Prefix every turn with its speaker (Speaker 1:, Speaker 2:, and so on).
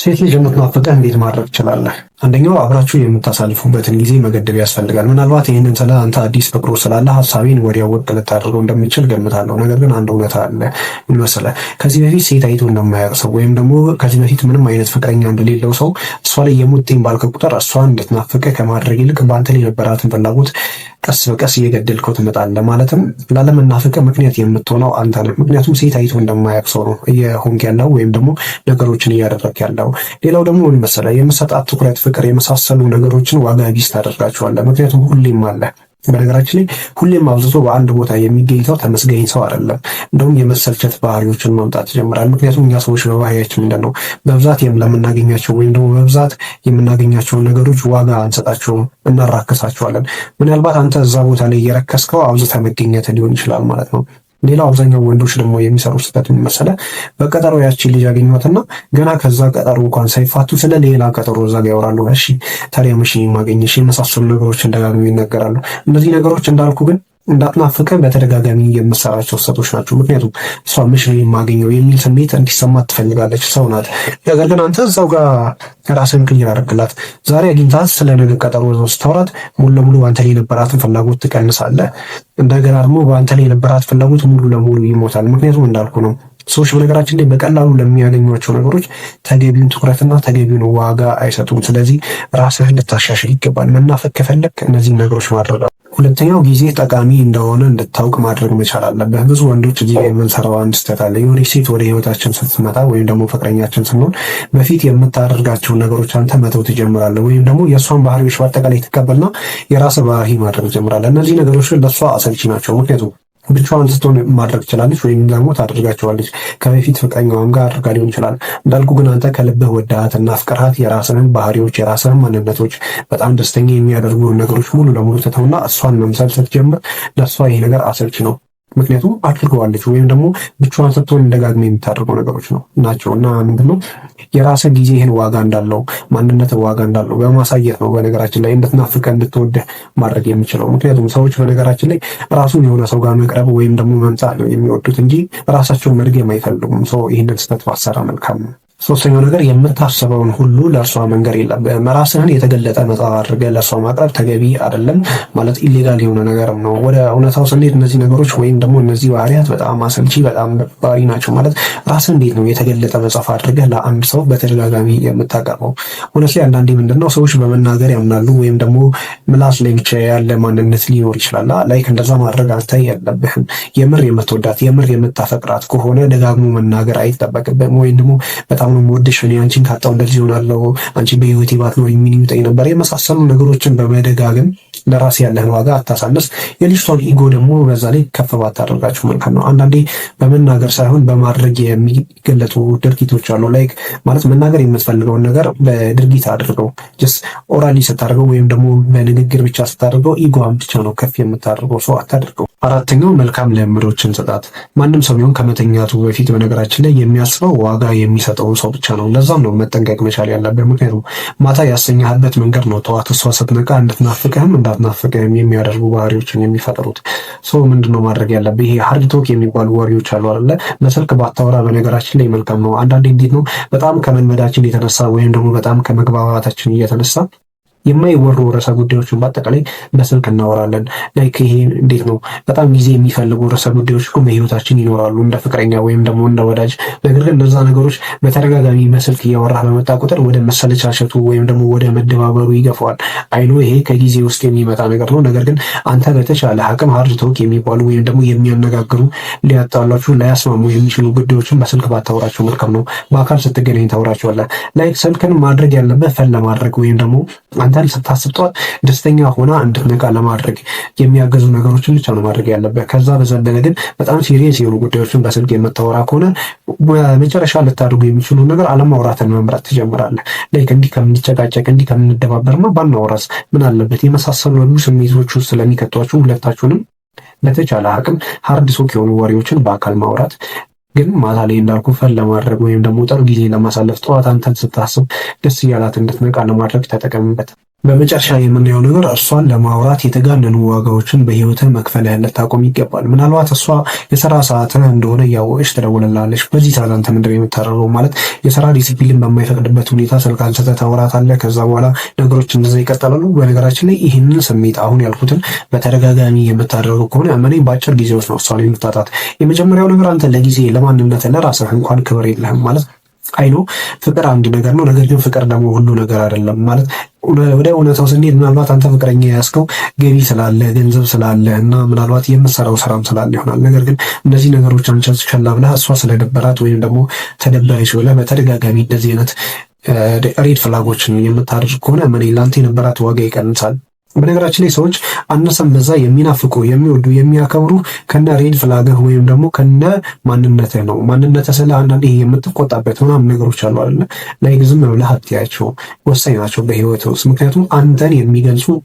Speaker 1: ሴት ልጅ የምትናፍቀህ እንዴት ማድረግ ትችላለህ? አንደኛው አብራችሁ የምታሳልፉበትን ጊዜ መገደብ ያስፈልጋል። ምናልባት ይህንን ስለ አንተ አዲስ ፍቅሮ ስላለ ሀሳቤን ወዲያው ወቅ ልታደርገው እንደምችል ገምታለሁ። ነገር ግን አንድ እውነት አለ። ምን መሰለህ? ከዚህ በፊት ሴት አይቶ እንደማያውቅ ሰው ወይም ደግሞ ከዚህ በፊት ምንም አይነት ፍቅረኛ እንደሌለው ሰው እሷ ላይ የሙጥኝ ባልክ ቁጥር እሷ እንድትናፍቀ ከማድረግ ይልቅ በአንተ ላይ የነበራትን ፍላጎት ቀስ በቀስ እየገደልከው ትመጣለህ። ማለትም ላለመናፍቅህ ምክንያት የምትሆነው አንተ ነህ። ምክንያቱም ሴት አይቶ እንደማያውቅ ሰው ነው እየሆንክ ያለው ወይም ደግሞ ነገሮችን እያደረግክ ያለው። ሌላው ደግሞ ምን መሰለህ? የምትሰጣት ትኩረት ፍቅር የመሳሰሉ ነገሮችን ዋጋ ቢስ ታደርጋቸዋለ። ምክንያቱም ሁሌም አለ። በነገራችን ላይ ሁሌም አብዝቶ በአንድ ቦታ የሚገኝ ሰው ተመስገኝ ሰው አይደለም። እንደውም የመሰልቸት ባህሪዎችን መምጣት ይጀምራል። ምክንያቱም እኛ ሰዎች በባህሪያችን ምንድን ነው በብዛት ለምናገኛቸው ወይም ደግሞ በብዛት የምናገኛቸውን ነገሮች ዋጋ አንሰጣቸውም፣ እናራከሳቸዋለን። ምናልባት አንተ እዛ ቦታ ላይ እየረከስከው አብዝተ መገኘት ሊሆን ይችላል ማለት ነው። ሌላው አብዛኛው ወንዶች ደግሞ የሚሰሩ ስህተት መሰለ በቀጠሮ ያችን ልጅ ያገኟትና ገና ከዛ ቀጠሮ እንኳን ሳይፋቱ ስለ ሌላ ቀጠሮ እዛ ጋ ያወራሉ። እሺ ታዲያ መቼ ማገኘሽ የመሳሰሉ ነገሮች እንደጋግሚ ይነገራሉ። እነዚህ ነገሮች እንዳልኩ ግን እንዳትናፍቀን በተደጋጋሚ የምሰራቸው ሰቶች ናቸው። ምክንያቱም እሷ ምሽ የማገኘው የሚል ስሜት እንዲሰማ ትፈልጋለች ሰው ናት። ነገር ግን አንተ እዛው ጋር ራስን ቅይር አድርግላት። ዛሬ አግኝታት ስለ ነገ ቀጠሮ ስታወራት ሙሉ ለሙሉ በአንተ ላይ የነበራትን ፍላጎት ትቀንሳለ። እንደገና ደግሞ በአንተ ላይ የነበራት ፍላጎት ሙሉ ለሙሉ ይሞታል። ምክንያቱም እንዳልኩ ነው ሰዎች በነገራችን ላይ በቀላሉ ለሚያገኟቸው ነገሮች ተገቢውን ትኩረትና ተገቢውን ዋጋ አይሰጡም። ስለዚህ ራስህን ልታሻሽል ይገባል። መናፈቅ ከፈለግ እነዚህን ነገሮች ማድረግ ሁለተኛው ጊዜ ጠቃሚ እንደሆነ እንድታውቅ ማድረግ መቻል አለብህ። ብዙ ወንዶች እዚህ ላይ የምንሰራው አንድ ስህተት አለ። የሆነች ሴት ወደ ህይወታችን ስትመጣ ወይም ደግሞ ፍቅረኛችን ስንሆን በፊት የምታደርጋቸውን ነገሮች አንተ መተው ትጀምራለህ፣ ወይም ደግሞ የእሷን ባህሪዎች በአጠቃላይ ትቀበልና የራስ ባህሪ ማድረግ ትጀምራለህ። እነዚህ ነገሮች ለእሷ አሰልቺ ናቸው፣ ምክንያቱም ብቻዋን ስትሆን ማድረግ ትችላለች ወይም ደግሞ ታደርጋቸዋለች። ከበፊት ፍቅረኛዋም ጋር አድርጋ ሊሆን ይችላል። እንዳልኩ ግን አንተ ከልብህ ወዳት እና አፍቅርሃት የራስህን ባህሪዎች፣ የራስህን ማንነቶች በጣም ደስተኛ የሚያደርጉ ነገሮች ሙሉ ለሙሉ ትተውና እሷን መምሰል ስትጀምር ለእሷ ይሄ ነገር አሰልች ነው ምክንያቱም አድርገዋለች ወይም ደግሞ ብቻዋን ስትሆን ደጋግማ የምታደርገው ነገሮች ነው ናቸው እና ምንድነው የራስህ ጊዜ ይህን ዋጋ እንዳለው ማንነት ዋጋ እንዳለው በማሳየት ነው። በነገራችን ላይ እንድትናፍቀህ እንድትወደህ ማድረግ የምችለው ምክንያቱም ሰዎች በነገራችን ላይ ራሱን የሆነ ሰው ጋር መቅረብ ወይም ደግሞ መምጣት ነው የሚወዱት እንጂ ራሳቸውን መድገም አይፈልጉም። ሰው ይህንን ስህተት ባሰራ መልካም ነው። ሶስተኛው ነገር የምታስበውን ሁሉ ለእርሷ መንገር የለብህም። ራስህን የተገለጠ መጽሐፍ አድርገህ ለእርሷ ማቅረብ ተገቢ አይደለም፣ ማለት ኢሌጋል የሆነ ነገርም ነው። ወደ እውነታው ስንሄድ እነዚህ ነገሮች ወይም ደግሞ እነዚህ ባህሪያት በጣም አሰልቺ፣ በጣም ባሪ ናቸው። ማለት ራስህ እንዴት ነው የተገለጠ መጽሐፍ አድርገህ ለአንድ ሰው በተደጋጋሚ የምታቀርበው? ሆነስ አንዳንዴ ምንድነው ሰዎች በመናገር ያምናሉ፣ ወይም ደግሞ ምላስ ላይ ብቻ ያለ ማንነት ሊኖር ይችላል። ላይክ እንደዛ ማድረግ አንተ የለብህም። የምር የምትወዳት የምር የምታፈቅራት ከሆነ ደጋግሞ መናገር አይጠበቅብህም ወይም ደግሞ በጣም ነው የምወድሽ፣ እኔ አንቺን ካጣሁ እንደዚህ እሆናለሁ፣ አንቺ በህይወቴ ባትኖሪ ምን ይውጠኝ ነበር የመሳሰሉ ነገሮችን በመደጋገም ለራስ ያለህን ዋጋ አታሳንስ። የልጅቷን ኢጎ ደግሞ በዛ ላይ ከፍ ባታደርጋችሁ መልካም ነው። አንዳንዴ በመናገር ሳይሆን በማድረግ የሚገለጡ ድርጊቶች አሉ። ላይክ ማለት መናገር የምትፈልገውን ነገር በድርጊት አድርገው ጀስ ኦራሊ ስታደርገው ወይም ደግሞ በንግግር ብቻ ስታደርገው ኢጎን ብቻ ነው ከፍ የምታደርገው፣ ሰው አታደርገው። አራተኛው መልካም ልምዶችን ስጣት። ማንም ሰው ቢሆን ከመተኛቱ በፊት በነገራችን ላይ የሚያስበው ዋጋ የሚሰጠው ሰው ብቻ ነው። ለዛም ነው መጠንቀቅ መቻል ያለብህ። ምክንያቱም ማታ ያሰኛህበት መንገድ ነው ተዋት እሷ ስትነቃ እንድትናፍቅህም እንዳ እንድናፈገም የሚያደርጉ ባህሪዎችን የሚፈጥሩት ሰው ምንድን ነው ማድረግ ያለብህ? ይሄ ሀርድ ቶክ የሚባሉ ወሬዎች አሉ አለ በስልክ ባታወራ በነገራችን ላይ መልካም ነው። አንዳንዴ እንዴት ነው በጣም ከመንመዳችን የተነሳ ወይም ደግሞ በጣም ከመግባባታችን እየተነሳ የማይወሩ ርዕሰ ጉዳዮችን በአጠቃላይ በስልክ እናወራለን። ላይክ ይሄ እንዴት ነው በጣም ጊዜ የሚፈልጉ ርዕሰ ጉዳዮች እኮ በህይወታችን ይኖራሉ፣ እንደ ፍቅረኛ ወይም ደግሞ እንደ ወዳጅ። ነገር ግን እነዛ ነገሮች በተደጋጋሚ በስልክ እያወራ በመጣ ቁጥር ወደ መሰለቻሸቱ ወይም ደግሞ ወደ መደባበሩ ይገፋዋል። አይኖ ይሄ ከጊዜ ውስጥ የሚመጣ ነገር ነው። ነገር ግን አንተ በተቻለ አቅም ሀርድ ቶክ የሚባሉ ወይም ደግሞ የሚያነጋግሩ ሊያጣሏችሁ፣ ላያስማሙ የሚችሉ ጉዳዮችን በስልክ ባታወራቸው መልካም ነው። በአካል ስትገናኝ ታወራቸዋለህ። ላይክ ስልክን ማድረግ ያለበት ፈን ለማድረግ ወይም ደግሞ አንተን ስታስብ ጠዋት ደስተኛ ሆና እንድትነቃ ለማድረግ የሚያገዙ ነገሮችን ብቻ ነው ማድረግ ያለብህ። ከዛ በዘለለ ግን በጣም ሲሪየስ የሆኑ ጉዳዮችን በስልክ የምታወራ ከሆነ በመጨረሻ ልታደርጉ የሚችሉ ነገር አለማውራትን መምረጥ ትጀምራለህ። ላይክ እንዲህ ከምንጨቃጨቅ እንዲህ ከምንደባበርማ ባናወራስ ምን አለበት የመሳሰሉ ስሜቶች ውስጥ ስለሚከቷችሁ ሁለታችሁንም ለተቻለ አቅም ሀርድ ሶክ የሆኑ ወሬዎችን በአካል ማውራት ግን ማታ ላይ እንዳልኩ ፈን ለማድረግ ወይም ደግሞ ጥሩ ጊዜ ለማሳለፍ ጠዋት አንተን ስታስብ ደስ እያላት እንድትነቃ ለማድረግ ተጠቀምበት። በመጨረሻ የምናየው ነገር እርሷን ለማውራት የተጋነኑ ዋጋዎችን በህይወትህ መክፈል ልታቆም ይገባል። ምናልባት እሷ የስራ ሰዓትህ እንደሆነ እያወቅሽ ትደውልላለች። በዚህ ሰዓት አንተ ምንድን ነው የምታደርገው? ማለት የስራ ዲስፕሊን በማይፈቅድበት ሁኔታ ስልክ አንስተህ ታወራታለህ። ከዛ በኋላ ነገሮች እንደዛ ይቀጥላሉ። በነገራችን ላይ ይህንን ስሜት አሁን ያልኩትን በተደጋጋሚ የምታደርገው ከሆነ እመኔ በአጭር ጊዜ ውስጥ ነው እሷን የምታጣት። የመጀመሪያው ነገር አንተ ለጊዜ ለማንነት ለራስህ እንኳን ክብር የለህም ማለት አይኖ ፍቅር አንድ ነገር ነው። ነገር ግን ፍቅር ደግሞ ሁሉ ነገር አይደለም ማለት ወደ እውነታው ስንሄድ ምናልባት አንተ ፍቅረኛ የያዝከው ገቢ ስላለ ገንዘብ ስላለ እና ምናልባት የምትሰራው ስራም ስላለ ይሆናል። ነገር ግን እነዚህ ነገሮች አንቺ ሸላ ብላ እሷ ስለደበራት ወይም ደግሞ ተደበረች ብለህ በተደጋጋሚ እንደዚህ አይነት ሬድ ፍላጎችን የምታደርግ ከሆነ ምን ላንተ የነበራት ዋጋ ይቀንሳል። በነገራችን ላይ ሰዎች አነሰም በዛ የሚናፍቁ የሚወዱ የሚያከብሩ ከነ ሬድ ፍላግህ ወይም ደግሞ ከነ ማንነት ነው። ማንነት ስለ አንዳንድ ይሄ የምትቆጣበት ምናምን ነገሮች አሉ አለ ላይ ዝም ብለህ አትያቸው፣ ወሳኝ ናቸው በህይወት ውስጥ ምክንያቱም አንተን የሚገልጹ